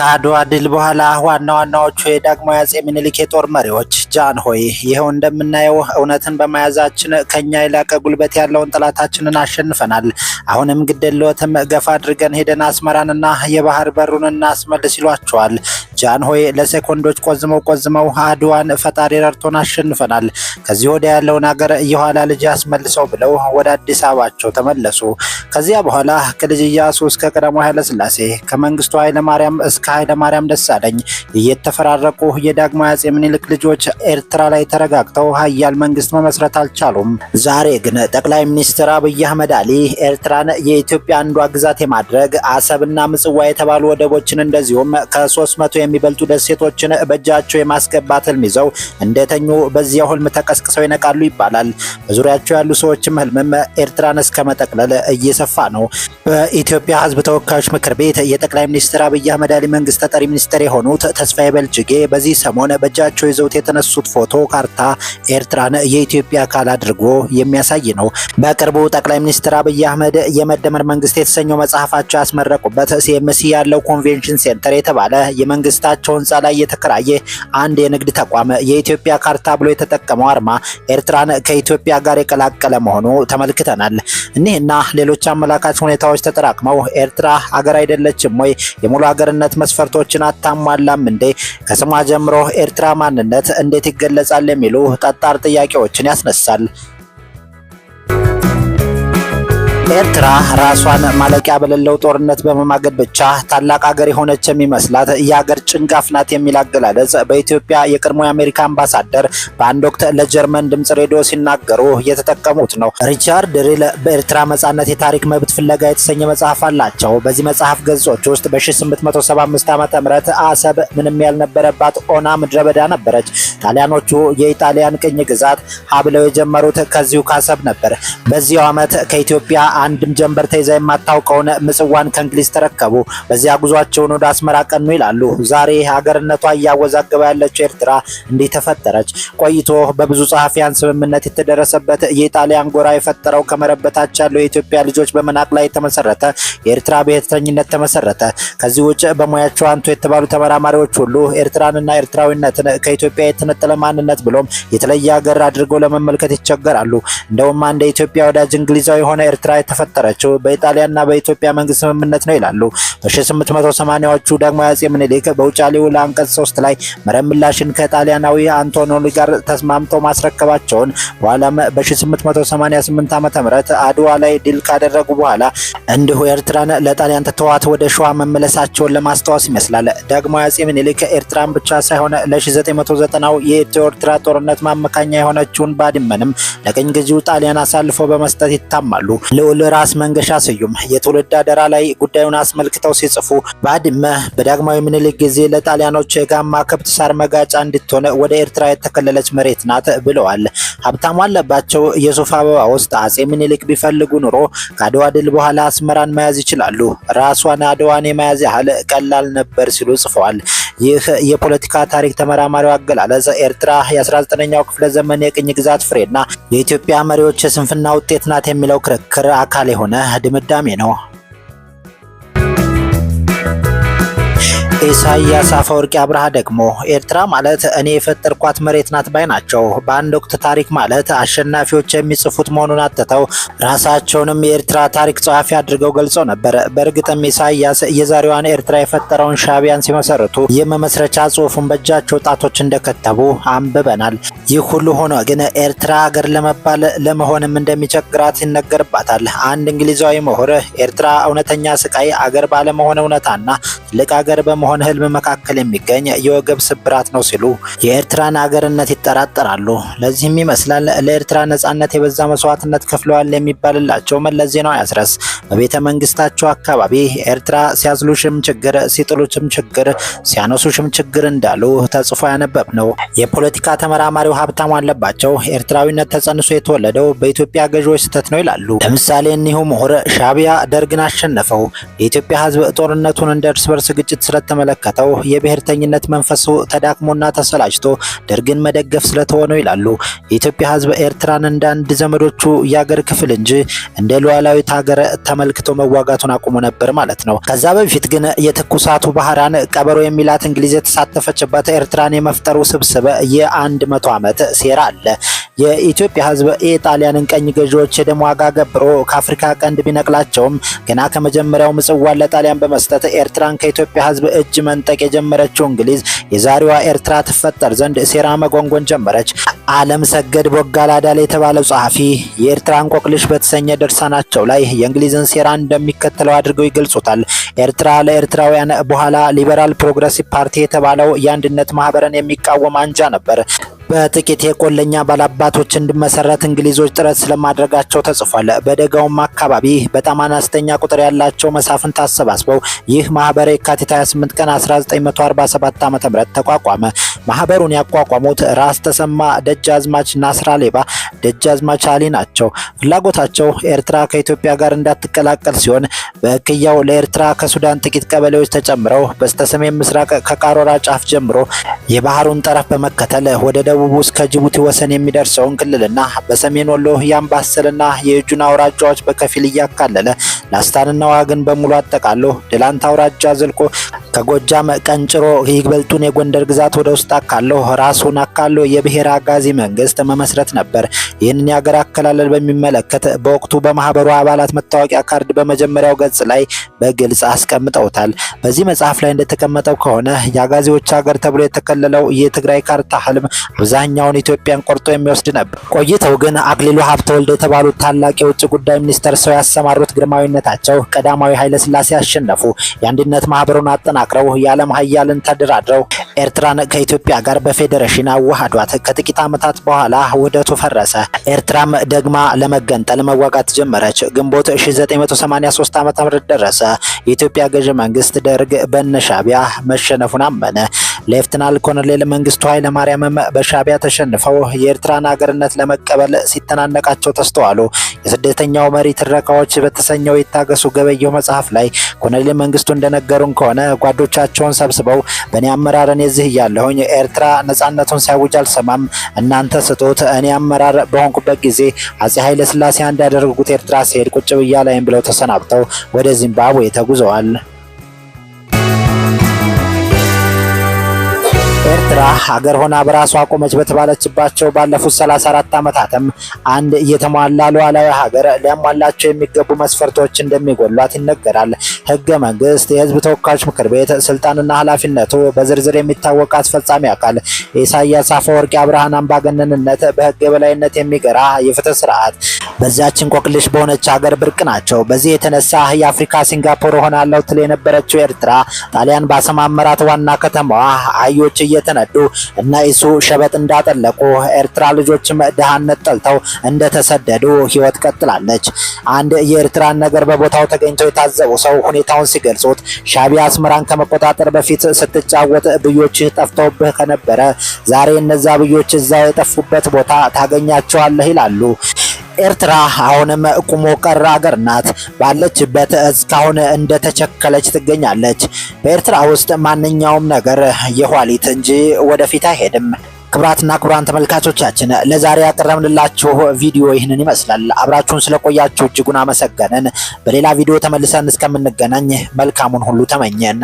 ከአድዋ ድል በኋላ ዋና ዋናዎቹ የዳግማዊ አጼ ምኒልክ የጦር መሪዎች ጃን ሆይ ይኸው እንደምናየው እውነትን በመያዛችን ከኛ የላቀ ጉልበት ያለውን ጠላታችንን አሸንፈናል። አሁንም ግደለወትም ገፋ አድርገን ሄደን አስመራንና የባህር በሩን እናስመልስ ይሏቸዋል። ጃንሆይ ለሴኮንዶች ቆዝመው ቆዝመው አድዋን ፈጣሪ ረድቶን አሸንፈናል። ከዚህ ወዲያ ያለውን አገር የኋላ ልጅ ያስመልሰው ብለው ወደ አዲስ አበባቸው ተመለሱ። ከዚያ በኋላ ከልጅ እያሱ እስከ ቀዳማዊ ኃይለስላሴ ከመንግስቱ ኃይለማርያም እስከ ኃይለማርያም ደሳለኝ እየተፈራረቁ የዳግማዊ አጼ ምኒልክ ልጆች ኤርትራ ላይ ተረጋግተው ሀያል መንግስት መመስረት አልቻሉም። ዛሬ ግን ጠቅላይ ሚኒስትር አብይ አህመድ አሊ ኤርትራን የኢትዮጵያ አንዷ ግዛት የማድረግ አሰብና ምጽዋ የተባሉ ወደቦችን እንደዚሁም ከ300 የሚበልጡ ደሴቶችን በእጃቸው የማስገባት ህልም ይዘው እንደተኙ በዚያው ህልም ተቀስቅሰው ይነቃሉ ይባላል። በዙሪያቸው ያሉ ሰዎችም ህልምም ኤርትራን እስከ መጠቅለል እየሰፋ ነው። በኢትዮጵያ ህዝብ ተወካዮች ምክር ቤት የጠቅላይ ሚኒስትር አብይ አህመድ አሊ መንግስት ተጠሪ ሚኒስትር የሆኑት ተስፋዬ በልጅጌ በዚህ ሰሞን በእጃቸው ይዘውት የተነሱት ፎቶ ካርታ ኤርትራን የኢትዮጵያ አካል አድርጎ የሚያሳይ ነው። በቅርቡ ጠቅላይ ሚኒስትር አብይ አህመድ የመደመር መንግስት የተሰኘው መጽሐፋቸው ያስመረቁበት ሲኤምሲ ያለው ኮንቬንሽን ሴንተር የተባለ የመንግስት መንግስታቸው ህንፃ ላይ የተከራየ አንድ የንግድ ተቋም የኢትዮጵያ ካርታ ብሎ የተጠቀመው አርማ ኤርትራን ከኢትዮጵያ ጋር የቀላቀለ መሆኑ ተመልክተናል። እኒህና ሌሎች አመላካች ሁኔታዎች ተጠራቅመው ኤርትራ አገር አይደለችም ወይ? የሙሉ አገርነት መስፈርቶችን አታሟላም እንዴ? ከስሟ ጀምሮ ኤርትራ ማንነት እንዴት ይገለጻል? የሚሉ ጠጣር ጥያቄዎችን ያስነሳል። ኤርትራ ራሷን ማለቂያ በሌለው ጦርነት በመማገድ ብቻ ታላቅ አገር የሆነች የሚመስላት የአገር ጭንጋፍ ናት የሚል አገላለጽ በኢትዮጵያ የቀድሞ የአሜሪካ አምባሳደር በአንድ ወቅት ለጀርመን ድምፅ ሬዲዮ ሲናገሩ የተጠቀሙት ነው። ሪቻርድ ሪል በኤርትራ መጻነት የታሪክ መብት ፍለጋ የተሰኘ መጽሐፍ አላቸው። በዚህ መጽሐፍ ገጾች ውስጥ በ1875 ዓ ም አሰብ ምንም ያልነበረባት ኦና ምድረ በዳ ነበረች። ጣሊያኖቹ የኢጣሊያን ቅኝ ግዛት ሀብለው የጀመሩት ከዚሁ ካሰብ ነበር። በዚያው ዓመት ከኢትዮጵያ አንድም ጀንበር ተይዛ የማታውቀውን ምጽዋን ከእንግሊዝ ተረከቡ። በዚያ ጉዟቸውን ወደ አስመራ ቀኑ ይላሉ። ዛሬ ሀገርነቷ እያወዛገበ ያለችው ኤርትራ እንዲህ ተፈጠረች። ቆይቶ በብዙ ጸሐፊያን ስምምነት የተደረሰበት የኢጣሊያን ጎራ የፈጠረው ከመረበታች ያለው የኢትዮጵያ ልጆች በመናቅ ላይ የተመሰረተ የኤርትራ ብሔርተኝነት ተመሰረተ። ከዚህ ውጭ በሙያቸው አንቱ የተባሉ ተመራማሪዎች ሁሉ ኤርትራንና ኤርትራዊነትን ከኢትዮጵያ የተነጠለ ማንነት ብሎም የተለየ ሀገር አድርገው ለመመልከት ይቸገራሉ። እንደውም አንድ የኢትዮጵያ ወዳጅ እንግሊዛዊ የሆነ ኤርትራ የተፈጠረችው በኢጣሊያና በኢትዮጵያ መንግስት ስምምነት ነው ይላሉ። በ1880ዎቹ ደግሞ አጼ ምኒልክ በውጫሌው ለአንቀጽ 3 ላይ መረብ ምላሽን ከጣሊያናዊ አንቶኖኒ ጋር ተስማምተው ማስረከባቸውን በኋላም በ1888 ም አድዋ ላይ ድል ካደረጉ በኋላ እንዲሁ ኤርትራን ለጣሊያን ትተዋት ወደ ሸዋ መመለሳቸውን ለማስታወስ ይመስላል። ደግሞ አጼ ምኒልክ ኤርትራን ብቻ ሳይሆን ለ1990ው የኢትዮ ኤርትራ ጦርነት ማመካኛ የሆነችውን ባድመንም ለቅኝ ገዢው ጣሊያን አሳልፎ በመስጠት ይታማሉ። ልዑል ክፍል ራስ መንገሻ ስዩም የትውልድ አደራ ላይ ጉዳዩን አስመልክተው ሲጽፉ ባድመ በዳግማዊ ምኒልክ ጊዜ ለጣሊያኖች የጋማ ከብት ሳር መጋጫ እንድትሆነ ወደ ኤርትራ የተከለለች መሬት ናት ብለዋል። ሀብታሙ አለባቸው የሱፍ አበባ ውስጥ አጼ ምኒልክ ቢፈልጉ ኑሮ ከአድዋ ድል በኋላ አስመራን መያዝ ይችላሉ፣ ራሷን አድዋን የመያዝ ያህል ቀላል ነበር ሲሉ ጽፈዋል። ይህ የፖለቲካ ታሪክ ተመራማሪው አገላለጽ ኤርትራ የ19ኛው ክፍለ ዘመን የቅኝ ግዛት ፍሬና የኢትዮጵያ መሪዎች የስንፍና ውጤት ናት የሚለው ክርክር አካል የሆነ ድምዳሜ ነው። ኢሳያስ አፈወርቂ አብርሃ ደግሞ ኤርትራ ማለት እኔ የፈጠርኳት መሬት ናት ባይ ናቸው። በአንድ ወቅት ታሪክ ማለት አሸናፊዎች የሚጽፉት መሆኑን አትተው ራሳቸውንም የኤርትራ ታሪክ ጸሐፊ አድርገው ገልጸው ነበር። በእርግጥም ኢሳያስ የዛሬዋን ኤርትራ የፈጠረውን ሻቢያን ሲመሰርቱ የመመስረቻ ጽሁፉን በእጃቸው ጣቶች እንደከተቡ አንብበናል። ይህ ሁሉ ሆኖ ግን ኤርትራ ሀገር ለመባል ለመሆንም እንደሚቸግራት ይነገርባታል። አንድ እንግሊዛዊ ምሁር ኤርትራ እውነተኛ ስቃይ አገር ባለመሆን እውነታና ትልቅ ሀገር በመሆን ህልም መካከል የሚገኝ የወገብ ስብራት ነው ሲሉ የኤርትራን አገርነት ይጠራጠራሉ። ለዚህም ይመስላል ለኤርትራ ነጻነት የበዛ መስዋዕትነት ከፍለዋል የሚባልላቸው መለስ ዜናዊ አስረስ በቤተ መንግስታቸው አካባቢ ኤርትራ ሲያዝሉሽም ችግር፣ ሲጥሉሽም ችግር፣ ሲያነሱሽም ችግር እንዳሉ ተጽፎ ያነበብ ነው የፖለቲካ ተመራማሪው ሀብታም አለባቸው ኤርትራዊነት ተጸንሶ የተወለደው በኢትዮጵያ ገዢዎች ስህተት ነው ይላሉ። ለምሳሌ እኒሁ ምሁር ሻቢያ ደርግን አሸነፈው፣ የኢትዮጵያ ህዝብ ጦርነቱን እንደ እርስ በርስ ግጭት ስለተመለከተው የብሔርተኝነት መንፈሱ ተዳክሞና ተሰላጭቶ ደርግን መደገፍ ስለተሆነው ይላሉ። የኢትዮጵያ ህዝብ ኤርትራን እንደ አንድ ዘመዶቹ የአገር ክፍል እንጂ እንደ ሉዓላዊት ሀገር ተመልክቶ መዋጋቱን አቁሞ ነበር ማለት ነው። ከዛ በፊት ግን የትኩሳቱ ባህራን ቀበሮ የሚላት እንግሊዝ የተሳተፈችበት ኤርትራን የመፍጠሩ ስብስብ የአንድ መቶ ዓመት ሴራ አለ። የኢትዮጵያ ህዝብ የጣሊያንን ቀኝ ገዢዎች የደም ዋጋ ገብሮ ከአፍሪካ ቀንድ ቢነቅላቸውም ገና ከመጀመሪያው ምጽዋን ለጣሊያን በመስጠት ኤርትራን ከኢትዮጵያ ህዝብ እጅ መንጠቅ የጀመረችው እንግሊዝ የዛሬዋ ኤርትራ ትፈጠር ዘንድ ሴራ መጎንጎን ጀመረች። አለም ሰገድ ቦጋላዳል የተባለው ጸሐፊ የኤርትራ እንቆቅልሽ በተሰኘ ድርሳናቸው ላይ የእንግሊዝን ሴራ እንደሚከተለው አድርገው ይገልጹታል። ኤርትራ ለኤርትራውያን በኋላ ሊበራል ፕሮግረሲቭ ፓርቲ የተባለው የአንድነት ማህበርን የሚቃወም አንጃ ነበር። በጥቂት የቆለኛ ባላባ ጥናቶች እንዲመሰረት እንግሊዞች ጥረት ስለማድረጋቸው ተጽፏል። በደጋውም አካባቢ በጣም አነስተኛ ቁጥር ያላቸው መሳፍንት አሰባስበው ይህ ማህበር የካቲት 28 ቀን 1947 ዓ.ም ተቋቋመ። ማህበሩን ያቋቋሙት ራስ ተሰማ ደጃዝማች ናስራ ሌባ ደጃዝማች አሊ ናቸው። ፍላጎታቸው ኤርትራ ከኢትዮጵያ ጋር እንዳትቀላቀል ሲሆን በክያው ለኤርትራ ከሱዳን ጥቂት ቀበሌዎች ተጨምረው በስተሰሜን ምስራቅ ከቃሮራ ጫፍ ጀምሮ የባህሩን ጠረፍ በመከተል ወደ ደቡብ ውስጥ ከጅቡቲ ወሰን የሚደርስ የሰውን ክልልና በሰሜን ወሎ የአምባሰልና የእጁን አውራጃዎች በከፊል እያካለለ ላስታንና ዋግን በሙሉ አጠቃሎ ደላንታ አውራጃ ዘልቆ ከጎጃም ቀንጭሮ ይበልጡን የጎንደር ግዛት ወደ ውስጥ አካሎ ራሱን አካሎ የብሔር አጋዚ መንግስት መመስረት ነበር። ይህንን የአገር አከላለል በሚመለከት በወቅቱ በማህበሩ አባላት መታወቂያ ካርድ በመጀመሪያው ገጽ ላይ በግልጽ አስቀምጠውታል። በዚህ መጽሐፍ ላይ እንደተቀመጠው ከሆነ የአጋዚዎች ሀገር ተብሎ የተከለለው የትግራይ ካርታ ህልም አብዛኛውን ኢትዮጵያን ቆርጦ የሚወስ ይወስድ ነበር። ቆይተው ግን አክሊሉ ሀብተወልድ የተባሉት ታላቅ የውጭ ጉዳይ ሚኒስተር ሰው ያሰማሩት ግርማዊነታቸው ቀዳማዊ ኃይለስላሴ አሸነፉ። የአንድነት ማህበሩን አጠናክረው የዓለም ሀያልን ተደራድረው ኤርትራን ከኢትዮጵያ ጋር በፌዴሬሽን አዋህዷት ከጥቂት ዓመታት በኋላ ውህደቱ ፈረሰ። ኤርትራም ደግማ ለመገንጠል መዋጋት ጀመረች። ግንቦት 1983 ም ደረሰ። የኢትዮጵያ ገዢ መንግስት ደርግ በነሻቢያ መሸነፉን አመነ። ሌፍትናል ኮሎኔል መንግስቱ ኃይለማርያም በሻቢያ ተሸንፈው የኤርትራን ሀገርነት ለመቀበል ሲተናነቃቸው ተስተዋሉ። የስደተኛው መሪ ትረካዎች በተሰኘው የታገሱ ገበየው መጽሐፍ ላይ ኮሎኔል መንግስቱ እንደነገሩን ከሆነ ጓዶቻቸውን ሰብስበው በእኔ አመራር እኔ እዚህ እያለሁኝ ኤርትራ ነጻነቱን ሲያውጅ አልሰማም፣ እናንተ ስጡት፣ እኔ አመራር በሆንኩበት ጊዜ አጼ ኃይለ ስላሴ እንዳደረጉት ኤርትራ ሲሄድ ቁጭ ብያ ላይም ብለው ተሰናብተው ወደ ዚምባብዌ ተጉዘዋል። ኤርትራ ሀገር ሆና በራሷ ቆመች በተባለችባቸው ባለፉት 34 ዓመታትም አንድ እየተሟላ ሉዓላዊ ሀገር ሊያሟላቸው የሚገቡ መስፈርቶች እንደሚጎሏት ይነገራል። ህገ መንግስት፣ የህዝብ ተወካዮች ምክር ቤት፣ ስልጣንና ኃላፊነቱ በዝርዝር የሚታወቅ አስፈጻሚ አካል፣ የኢሳያስ አፈወርቂ አብርሃን አምባገነንነት፣ በህግ የበላይነት የሚገራ የፍትህ ስርዓት በዚያች እንቆቅልሽ በሆነች ሀገር ብርቅ ናቸው። በዚህ የተነሳ የአፍሪካ ሲንጋፖር ሆናለሁ ትል የነበረችው ኤርትራ ጣሊያን ባሰማመራት ዋና ከተማዋ አህዮች እየተነ ሲያፈነዱ እና ኢሱ ሸበጥ እንዳጠለቁ ኤርትራ ልጆችም ድሃነት ጠልተው እንደተሰደዱ ህይወት ቀጥላለች። አንድ የኤርትራን ነገር በቦታው ተገኝቶ የታዘቡ ሰው ሁኔታውን ሲገልጹት ሻቢያ አስመራን ከመቆጣጠር በፊት ስትጫወት ብዮችህ ጠፍተውብህ ከነበረ ዛሬ እነዛ ብዮች እዛ የጠፉበት ቦታ ታገኛቸዋለህ ይላሉ። ኤርትራ አሁንም ቁሞ ቀር አገር ናት። ባለችበት እስካሁን እንደተቸከለች ትገኛለች። በኤርትራ ውስጥ ማንኛውም ነገር የኋሊት እንጂ ወደፊት አይሄድም። ክብራትና ክብራን ተመልካቾቻችን ለዛሬ ያቀረብንላችሁ ቪዲዮ ይህንን ይመስላል። አብራችሁን ስለቆያችሁ እጅጉን አመሰገንን። በሌላ ቪዲዮ ተመልሰን እስከምንገናኝ መልካሙን ሁሉ ተመኘን።